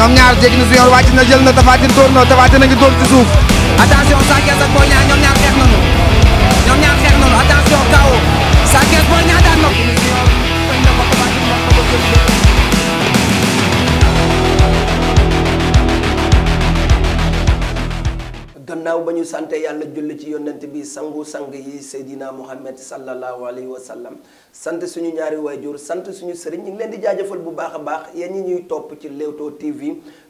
ñoom ñaar jéggi na su yoon wàcc na jël na Tapha Tine dóor na Tapha Tine a ngi dóor ci suuf attention Sa Thiès ak Boy Niang ñoom ñaar xeex nañu yàlla julli ci yonent bi sangu sang yi Seydina Muhammad sallallahu alayhi wa sallam sant suñu ñaari waajur sant suñu sëriñ ñu ngi leen di jaajëfal bu baax a baax yéen ñi ñuy topp ci Leewtoo TV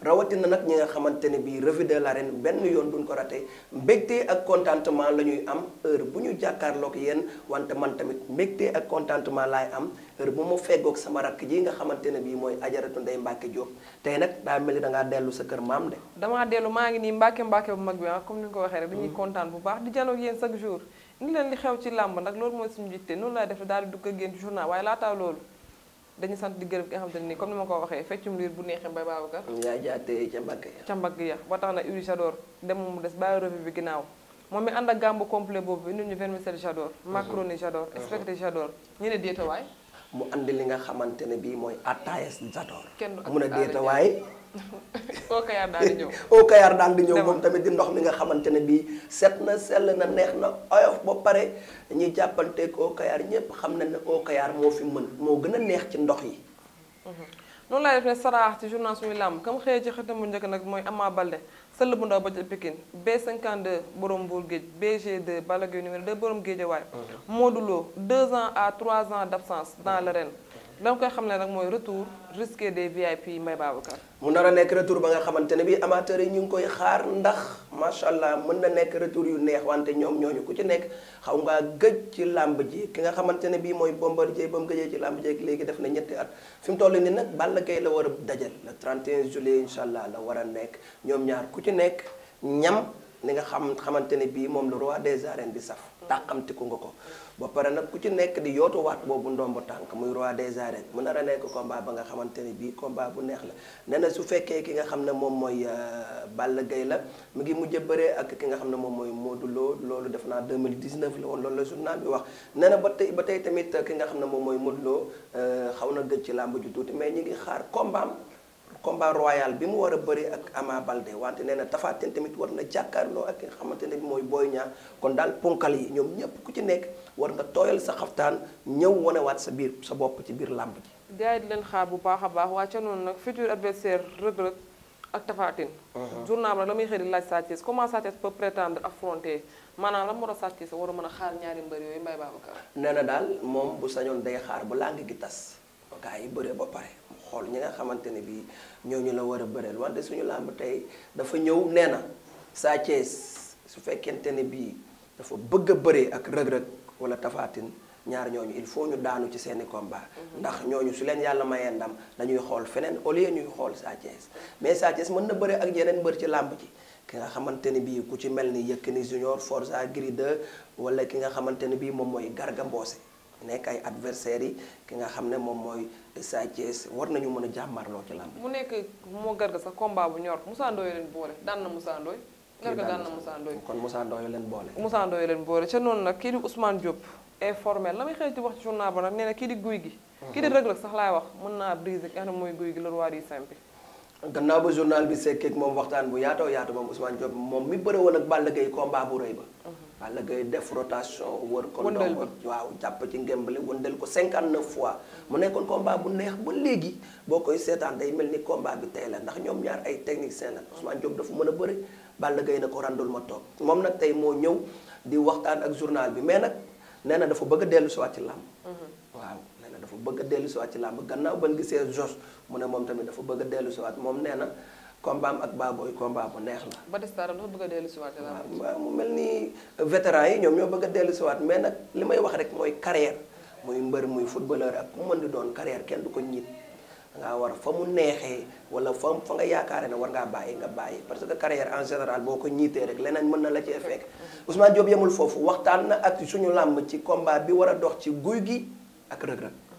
rawatina nag ñi nga xamante ne bii revue de l'arène benn yoon duñ ko raté mbégte ak contentement la ñuy am heure bu ñu jàkkaarloog yéen wante man tamit mbégte ak contentement laay am heure bu ma feggoog sama rakk ji nga xamante ne bii mooy ajaratu Ndeye Mbacke Diop tey nag daa mel ni dangaa dellu sa kër maam de. damaa dellu maa ngi nii Mbacke Mbacke bu mag bi ah comme ni nga ko waxee rek. dañuy mm. kontaan bu baax di janoog yéen chaque jour. ni leen li xew ci làmb nag loolu mooy suñu jitte noonu daal di dugg ak yéen ci journal dañu sant di gërëm ki nga nii comme ni ma ko waxee feccum liir bu neexee mbay Babacar yaa jaatee ca mbagg ya ca mbagg tax na Uri Chador dem mu des baa revue bi ginnaaw moom mi ànd ak gàmbu complet boobu indi ñu vermicelle Chador macaroni mhm. Chador mhm. spaghetti Chador ñu ne déeta waay mu andi li nga xamante ne bii mooy attaaya Chador mu ne déeta waay au Kayar daal di ñëw au daal di ñëw moom tamit di ndox mi nga xamante ne bii set na sell na neex na oyof ba pare ñi jàppal au Kayar ñëpp xam na ne au moo fi mën moo gën a neex ci ndox yi. Mhm. noonu laay def ne saraax ci journal suñu làmb kam xëyee ci xëtam bu njëkk nag mooy Ama Baldé sëll bu ndaw ba ca Pikine B52 borom Mbour Géej BG2 de Gaye numéro 2 borom Géejawaay. Mhm. Modou Lo 2 ans à trois ans d' absence dans l'arène. da nga koy xam ne nag mooy retour risqué des VIP Mbaye Babacar. mu nar a nekk retour ba nga xamante ne bii amateurs yi ñu ngi koy xaar ndax macha allah mën na nekk retour yu neex wante ñoom ñooñu ku ci nekk xaw ngaa gëj ci làmb ji ki nga xamante ne bii mooy Bombardier ba bam gëjee ci làmb ji ak léegi def na ñetti at fi mu toll nii nag Balla Gaye la war a dajal le 31 juillet incha allah la war a nekk ñoom ñaar ku ci nekk ñam ni nga xam xamante ne bii moom le roi des arènes bi saf. ku nga ko ba pare nag ku ci nekk di yootu waat boobu ndomb tànk muy roi des arènes mu nar a nekk combat ba nga xamante ne bii combat bu neex la nee na su fekkee ki nga xam ne moom mooy euh, Balla Gaye la mu ngi mujj bëree ak ki nga xam ne moom mooy Modou Lo loolu def naa 2019 la woon loolu la journal bi wax nee ba tey ba tey tamit ki nga xam ne moom mooy Modou Lo euh, xaw na gëj ci làmb ju tuuti mais ñu ngi xaar kombaam combat royal bi mu war a bëri ak amaa Balde wante nee na Tapha tamit war na jàkkaarloo ak nga xamante ne bi mooy booy ñaar kon daal ponkal yi ñoom ñëpp ku ci nekk war nga tooyal sa xaftaan ñëw wanewaat sa biir sa bopp ci biir làmb ji. gars yi di bu baax a baax waa ca noonu nag futur adversaire Reug Reug ak Tapha Tine. Uh-huh. journal bi nag la muy xëy di laaj Sa Thiès comment Sa Thiès peut prétendre affronter maanaam la mu war a Sa Thiès war a mën a xaar ñaari mbër yooyu Mbaye Babacar. nee na daal moom bu sañoon day xaar ba làng gi tas gars yi bëree ba xool ñi nga xamante ne bii ñu la war a bëreel wante suñu làmb tey dafa ñëw nee na Sa Thiès su fekkente ne bii dafa bëgg a bëree ak rëg-rëg wala tafaatin ñaar ñooñu il faut ñu daanu ci seeni combat mhm. ndax ñooñu su leen yàlla mayee ndam dañuy xool feneen au lieu ñuy xool Sa Thiès mais Sa Thiès mën na bëre ak yeneen mbër ci làmb ci ki nga xamante ne bii ku ci mel ni Yékini Junior Forza Gris 2 wala ki nga xamante ne bii moom mooy Garga Mbossé nekk ay adversaires yi ki nga xam ne moom mooy Sa Thiès war nañu mën a jàmmarloo ci làmb. mu nekk moo Garga sax combat bu ñor Moussa Ndoye leen boole daan na Moussa Ndoye. Garga daan na Moussa kon Moussa Ndoye leen boole. Moussa Ndoye leen boole ca noonu nag kii di Ousmane Diop informel la may wax ci journal ba nag nee na mhm. wax mën naa briser ki guy gi le roi du simple. gannaaw ba journal bi sekkeeg moom waxtaan bu yaatoo yaatu moom Ousmane Diop moom mi bëre woon ak Balla Gaye combat bu rëy ba mhm. Balla gay def rotation wër ko ndongo waaw jàpp ci ngembali wëndal ko 59 fois mu nekkoon combat bu neex ba léegi boo koy seetaan day mel ni combat bi tey la ndax ñoom ñaar ay technicien la Ousmane Diop dafa mën a bëri Balla gay na ko randul ma toog moom nag tey moo ñëw di waxtaan ak journal bi mais nag nee na dafa bëgg a dellu siwaat ci làmb mm-hmm. waaw nee dafa bëgg dellu si siwaat ci làmb gannaaw ban gisee jos mu ne moom tamit dafa bëgg dellu siwaat moom nee na combat am ak Baboy combat bu neex la. ba des dara bëgg a dellusiwaat waaw mu mel ni vétéran yi ñoom ñoo bëgg a dellusiwaat mais nag li may wax rek mooy carrière muy mbër muy footballeur ak mu mën di doon carrière kenn du ko ñiit nga war a fa mu neexee wala fa fa nga yaakaare ne war ngaa bàyyi nga bàyyi parce que carrière en général boo ko ñiitee rek leneen mën na la cee fekk. Ousmane Diop yemul foofu waxtaan na ak suñu làmb ci combat bi war a dox ci guy gi ak rëg-rëg.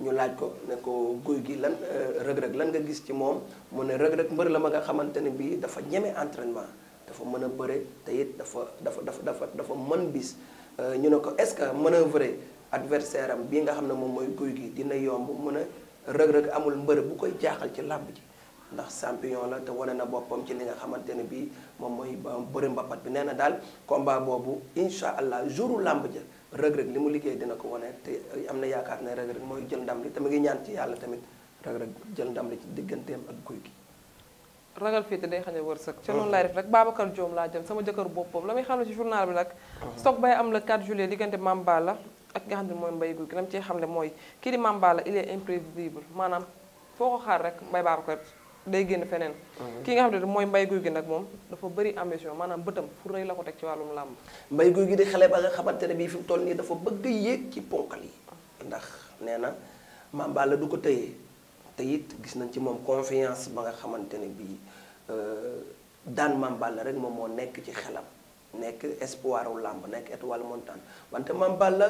ñu laaj ko ne ko guy gi lan euh, rëg-rëg lan nga gis ci moom mu ne rëg-rëg mbër la ma nga xamante ne bii dafa ñeme entraînement dafa mën a bëre te it dafa dafa dafa dafa dafa mën bis euh, ñu ne ko est-ce que manœuvrer adversaire am bii nga xam ne moom mooy guy gi dina yomb mu ne rëg-rëg amul mbër bu koy jaaxal ci làmb ji ndax champion la te wane na boppam ci li nga xamante ne bii moom mooy euh, bëri mbapat bi nee na daal combat boobu incha allah jouru làmb ja rëg-rëg li mu liggéey dina ko wane te am na yaakaar ne rëg-rëg mooy jël ndam li te mu ngi ñaan ci yàlla tamit rëg-rëg jël ndam li ci digganteem ak guy gi ragal fii te day xañ a wërsëg ca ah. noonu laay def rek Babacar joom laa jëm sama jëkkër boppam la may xam ne ci journal bi nag ah. stock bay am le 4 juillet diggante Mame Balla ak nga xam ne mooy mbay Gouy Gui nam xam ne mooy kii di Mame Balla il est imprévisible maanaam foo ko xaar rek Mbaye Babacar day génn feneen mhm. ki nga xam ne mooy mbay guy gi nag moom dafa bari ambition maanaam bëtam fu rëy la ko teg ci wàllum làmb mbay guy gi di xale ba nga xamante ne bii fi mu toll nii dafa bëgg yéeg ci ponkal yi ndax nee na Mame du ko tëyee te it gis nañ ci moom confiance ba nga xamante ne bii euh, daan Mame Balla rek moom moo nekk ci xelam nekk espoiru làmb nekk étoile montante wante Mame Balla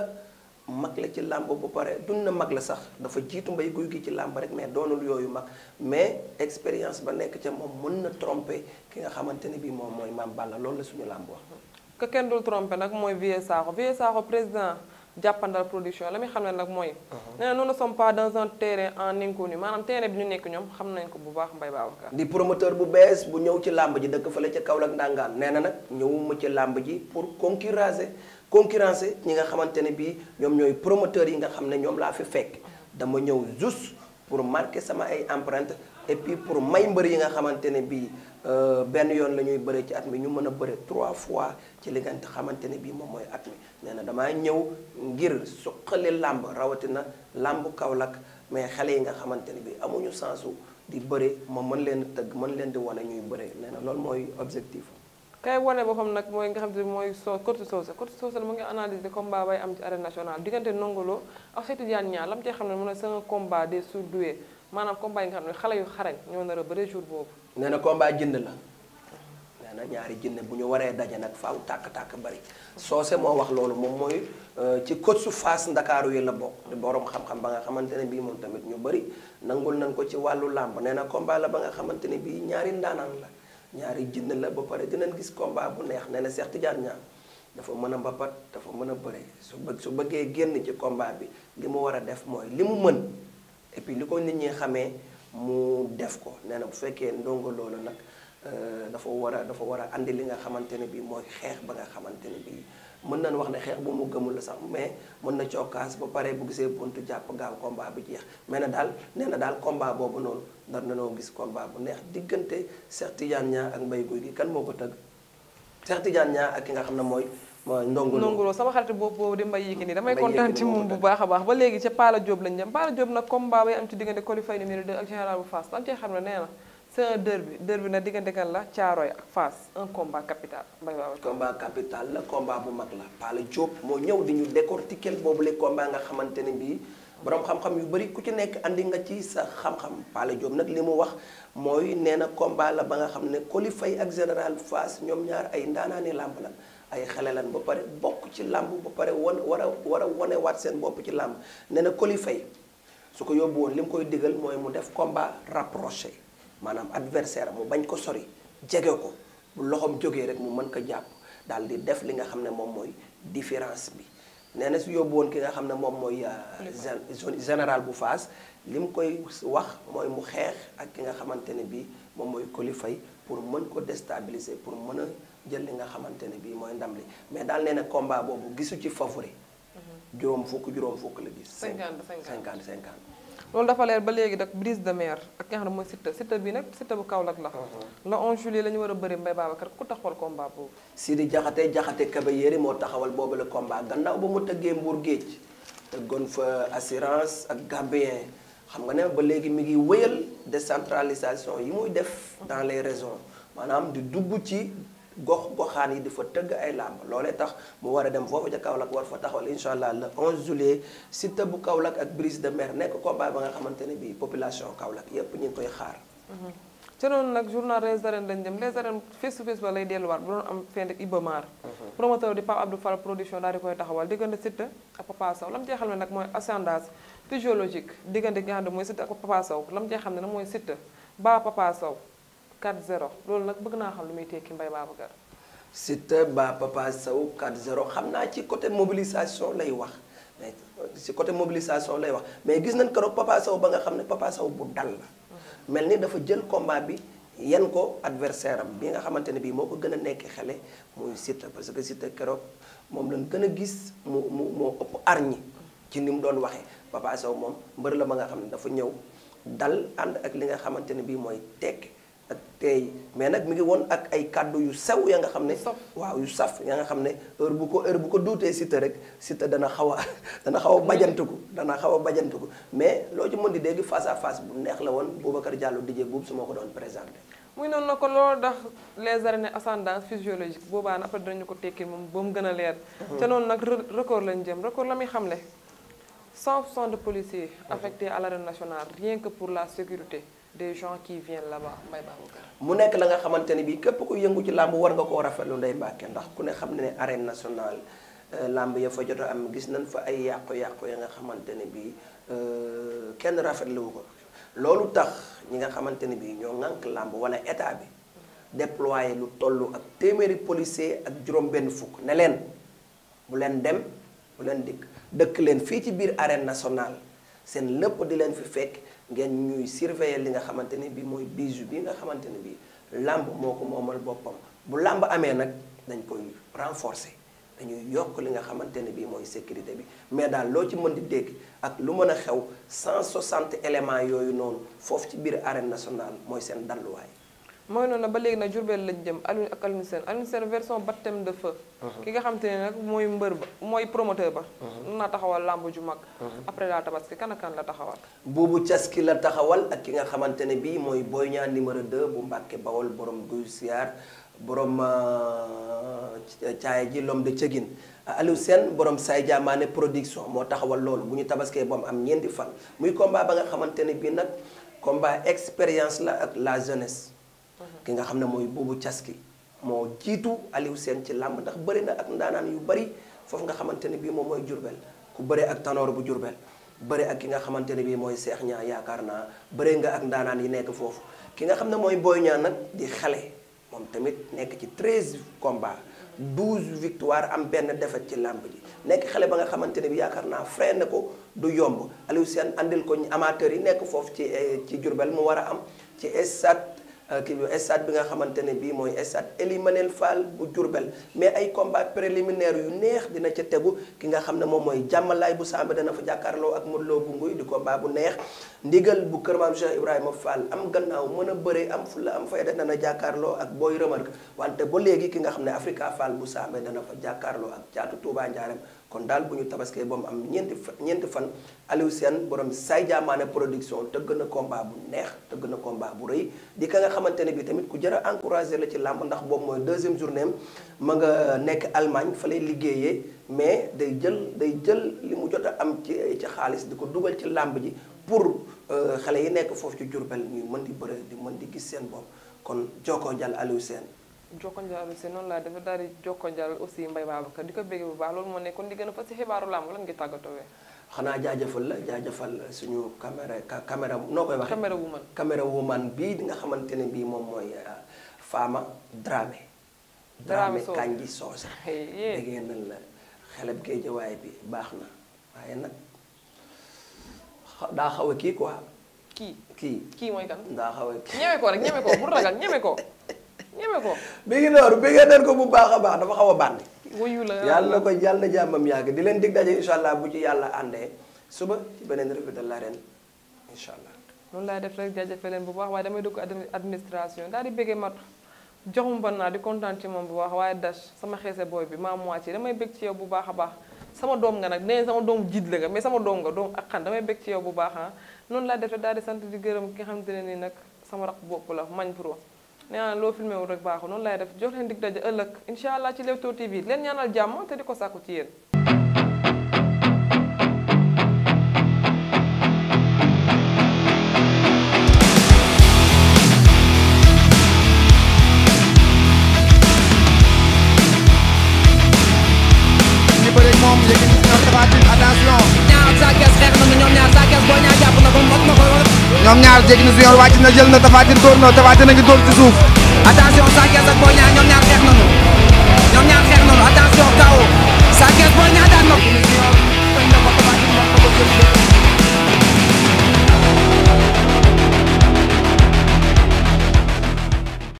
mag la ci làmb ba pare dun na mag la sax dafa jiitu mbay guy gi ci làmb rek mais doonul yooyu mag mais expérience ba nekk ca moom mën na tromper ki nga xamante ne bii moom mooy maam Balla loolu la suñu làmb wax. kenn dul tromper nag mooy Vieux Sakho Vieux Sakho président jàppandal production la muy xam ne nag mooy. Uh-huh. nee na nous ne sommes pas dans un terrain en inconnu maanaam terrain bi ñu nekk ñoom xam nañ ko bu baax Mbaye Babacar. di promoteur bu bees bu ñëw ci làmb ji dëkk la ca Kaolack ndàngaan nee na nag ñëwuma ci làmb ji pour concurrencer. concurrencer ñi nga xamante ne bii ñoom ñooy promoteurs yi nga xam ne ñoom laa fi fekk dama ñëw juste pour marquer sama ay empreinte et puis pour may mbër yi nga xamante ne bii euh, benn yoon la ñuy bëre ci at mi ñu mën a bëre trois fois ci li nga xamante ne bii moom mooy at mi nee na damaa ñëw ngir suqali làmb rawatina làmb Kaolack mais xale yi nga xamante ne bii amuñu sensu di bëre ma mën leen tëgg mën leen di wane ñuy bëre nee na loolu mooy objectif kay wane boppam nag mooy nga xam ne mooy soo Côte Socé Côte Socé mu ngi analyser combat bay am ci arène nationale diggante Nongolo ak Cheikh Tidiane xam ne mu ne c'est un combat des surdoués yu xarañ ñoo nar a bëre jour boobu. nee na combat jënd la nee ñaari jënd bu ñu waree daje nag faaw tàkk-tàkk bari Socé moo wax loolu moom mooy euh, ci coach su Fass Ndakaaru yi la bokk. di borom xam-xam ba nga xamante ne bii moom tamit ñu bari nangul nañ ko ci wàllu làmb nee na combat la ba nga xamante ne bii ñaari ndaanaan la. ñaari jinn la ba pare dinañ gis kombaa bu neex nee na seex Tidiane Niang dafa mën a mbapat dafa mën a bëre su bëgg su bëggee génn ci kombaa bi li mu war a def mooy li mu mën et li ko nit ñi xamee mu def ko nee na bu fekkee ndongo loolu nag euh, dafa war a dafa war a andi li nga xamante ne bii mooy xeex ba nga xamante ne bii. mën nañ wax ne xeex bu mu gëmul la sax mais mën na cokkaas ba pare bu gisee buntu jàpp gaaw combat bi jeex mais na daal nee na daal combat boobu noonu nar nanoo gis combat bu neex diggante Cheikh Tidiane Niang ak Mbaye Gouy Gui kan moo ko tëgg Cheikh Tidiane Niang ak ki nga xam ne mooy mooy ndongolo ndongolo sama xarit boobu boobu di Mbaye Yékini damay kontaan moom bu baax a baax ba léegi ca Pala Diop lañ jëm Pala Diop nag combat bay am bu Fass am cee xam ne nee na c'est un derby derby nag diggante kan la Caaroy ak Fass un combat capital combat capital la combat bu mag la Pala Diop moo ñëw di ñu décortiquer boobu la combat nga xamante ne bii borom xam-xam yu bëri ku ci nekk indi nga ci sa xam-xam Pala Diop nag li mu wax mooy nee na combat la ba nga xam ne Coly Faye ak général fas ñoom ñaar ay ndaanaane làmb la ay xale lan ba pare bokk ci làmb ba pare wan war a war a seen bopp ci làmb nee na Coly su ko yóbbu woon li koy digal mooy mu def combat rapproché. maanaam adversaire mu bañ ko sori jege ko bu loxoom jógee rek mu mën ko jàpp daal di def li nga xam ne moom mooy différence bi nee na si yóbbu woon ki nga xam ne moom mooy euh, général bu Faas li mu koy wax mooy mu xeex ak ki nga xamante ne bii moom mooy Coly Faye pour mën ko déstabiliser pour mën a jël li nga xamante ne bii mooy ndam li mais daal nee na combat boobu gisu ci favori mhm. juróom fukk juróom fukk la gis. 50 cinquante 50 loolu dafa leer ba léegi nag brise de mer ak nga xam ne mooy Siteu Siteu bi nag Siteu bu Kaolack la uh-huh. la 11 juillet la war a bëri Mbaye Babacar ku taxawal combat boobu Sidi Jaxate Jaxate Kabayeri moo taxawal boobu la komba gannaaw ba mu tëggee Mbour Géej tëggoon fa assurance ak Gambien xam nga ne ba léegi mi ngi wéyal décentralisation yi muy def dans les régions maanaam di dugg ci gox goxaan yi di fa tëgg ay làmb loolee tax mu war a dem foofu ca Kaolack war fa taxawal incha allah le 11 juillet Siteu bu Kaolack ak Brise de Mer nekk combat ba nga xamante ne bii population Kaolack yépp ñu koy xaar. Mhm. ca noonu nag journal les arènes lañ jëm les arènes face to face ba lay delluwaat bu doon am mhm. lam cee xam ne nag mooy ascendance physiologique diggante gi ne mooy Siteu ak Papa Sow lam cee xam ne nag mooy Siteu ba Papa Sow. 4-0 loolu nag bëgg naa xam lu muy tekki Mbaye Babacar. Siteu ba Papa Sow 4-0 xam naa ci côté mobilisation lay wax mais ci côté mobilisation lay wax mais gis nañ keroog Papa Sow ba nga xam ne Papa Sow bu dal la. Mhm. mel ni dafa jël combat bi yan ko adversaire am bi nga xamante ne bii moo ko gën a nekk xale muy Siteu parce que Siteu keroog moom lañ gën a gis mu mu moo ëpp arñi ci ni mu doon waxee Papa moom mbër la ba nga xam ne dafa ñëw dal ànd ak li nga xamante ne bii mooy tekki. ak tey mais nag mu ngi woon ak ay kàddu yu sew ya nga xam ne waaw yu saf ya nga xam ne heure bu ko heure bu ko duutee Siteu rek Siteu dana xaw a dana xaw a bajantuku dana xaw a bajantuku mais loo ci mën di dégg face à face bu neex la woon Boubacar Diallo DJ Boubou su ma ko doon présenté muy noonu na ko loolu ndax les arènes ascendance physiologique boobaa après dinañu ko tekki moom ba mu gën a leer te noonu nag record lañ jëm record la muy xamle 100% de policiers affectés à l'arène nationale rien que pour la sécurité des gens qui viennent la ba may ba mu nekk la nga xamante ni bii képp ku yëngu ci làmb war nga koo rafetlu Ndeye Mbacke ndax ku ne xam ne ne arène nationale euh, làmb ya fa jot a am gis nañ fa ay yàqu-yàqu ya nga xamante ne bii euh, kenn rafetluwu ko loolu tax ñi nga xamante ne bii ñoo ŋànk làmb wala état bi déployé lu toll ak téeméeri policier ak juróom benn fukk ne leen bu leen dem bu leen dikk dëkk leen fii ci biir arène nationale seen lëpp di leen fi fekk ngeen ñuy surveiller li nga xamante ne bii mooy bijou bi nga xamante ne bii làmb moo ko moomal boppam bu làmb amee nag dañ koy renforcer dañuy yokk li nga xamante ne bii mooy sécurité bi mais daal loo ci mën di dégg ak lu mën a xew 160 éléments yooyu noonu foofu ci biir arène nationale mooy seen dalluwaay. mooy noonu ba léegi nag Jurbel lañ jëm Alioune ak Alioune Sène Alioune seen version baptême de feu uh-huh. ki nga xam ne nag mooy mbër ba mooy promoteur ba uh-huh. naa taxawal làmb ju mag uh-huh. après la tabaski kan ak kan la taxawal boobu caski la taxawal ak ki nga xamante ne bii mooy Boy Niang numéro 2 bu Mbàkke Bawol borom guy siyaar borom caaya euh, ji lom de cëgin Aliou seen borom say jaamaane production moo taxawal loolu bu ñu tabaskee ba am am ñeenti fan muy combat ba nga xamante ne bii nag combat expérience la ak la jeunesse ki nga xam ne mooy boobu caski moo jiitu Aliou Sène ci làmb ndax bëri na ak ndaanaan yu bëri foofu nga xamante ne bii moom mooy Jurbel ku bëre ak tanoor bu Jurbel bëre ak ki nga xamante ne bii mooy Seex Ñaa yaakaar naa bëri nga ak ndaanaan yi nekk foofu ki nga xam ne mooy Boy ñaan nag di xale moom tamit nekk ci 13 combats 12 victoire am benn défaite ci làmb ji nekk xale ba nga xamante ne bi yaakaar naa ne ko du yomb Aliou seen andil ko amateur yi nekk foofu ci eh, ci Jurbel mu war a am ci stade Euh, kii bi stade bi nga xamante ne bii mooy stade Ely Manel bu Diourbel mais ay combat préliminaire yu neex dina ca tegu ki nga xam ne moom mooy jàmmalaay bu Samba dana fa jàkkaarloo ak Modou Lo bu Nguy di combat bu neex ndigal bu Kër Maam Cheikh Ibrahima Fall am gannaaw mën a bëre am fu fulla am fayda dana jàkkaarloo ak booy Boy Remarque wante ba léegi ki nga xam ne Africa Fall bu Samba dana fa jàkkaarloo ak Caatu Touba Ndiarème kon daal bu ñu tabaskee ba am ñeenti ñeenti fan Aliou Sène borom say jaamaane production tëgg na combat bu neex tëgg na combat bu rëy di ka nga xamante ne bi tamit ku jar a encouragé la ci làmb ndax boobu mooy deuxième journée am ma nga nekk Allemagne fa lay liggéeyee mais day jël day jël li mu jot a am ci ci xaalis di ko dugal ci làmb ji pour euh, xale yi nekk foofu ci Jurbel ñuy mën di bëre di mën di gis seen bopp kon jokkoo jàll Aliou Sène jokko njaal aussi noonu laa dafa daal di jokko njaal aussi Mbaye Babacar di ko bégge bu baax loolu moo nekkoon di gën a fas ci xibaaru làmb lan ngi tàggatowee xanaa jaajëfal la jaajëfal suñu caméra caméra noo koy waxee caméra bii di nga xamante ne bii moom mooy euh, Fama Dramé Dramé Kandji Socé déggee nan xeleb géejawaay bi baax na waaye nag daa xaw a kii quoi kii kii kii mooy kan daa xaw a ñeme ko rek ñeme ko ñeme ko ñeme ko. mi ngi noonu bëggee nañ ko bu baax a baax dafa xaw a bandi. wuyu la yàlla ko yàlla jàmmam yàgg di leen dig daje incha allah bu ci yàlla àndee suba ci beneen revue de l'arène incha allah. noonu laay def rek jaajëfal leen bu baax waaye damay dugg administration daa di bëggee mat joxum ban naa di kontaan ci moom bu baax waaye dash sama xeese booy bi maa moitié damay bëgg ci yow bu baax a baax. sama doom nga nag nee sama doom jiit la nga mais sama doom nga doom ak xan damay bu baax ah noonu laa def daal di sant di gërëm ki nga xamante ne nii nag sama raq la mañ pro nee naa loo filmé wul rek baaxul noonu laay def jox leen dig daje ëllëg incha allah ci Leewtoo TV leen ñaanal jàmm te di ko sàkku ci yéen. attention ñaar Sa Thiès na ñoom ñaar Sa Thiès boo ñaar jàpp na ko mot ñoom ñaar jéggi ni junior wàcc na jël na Tapha Tine a ngi dóor ci suuf attention Sa Thiès ak Boy Niang ñoom ñaar xeex nañu ñoom ñaar xeex nañu attention kaw Sa Thiès Boy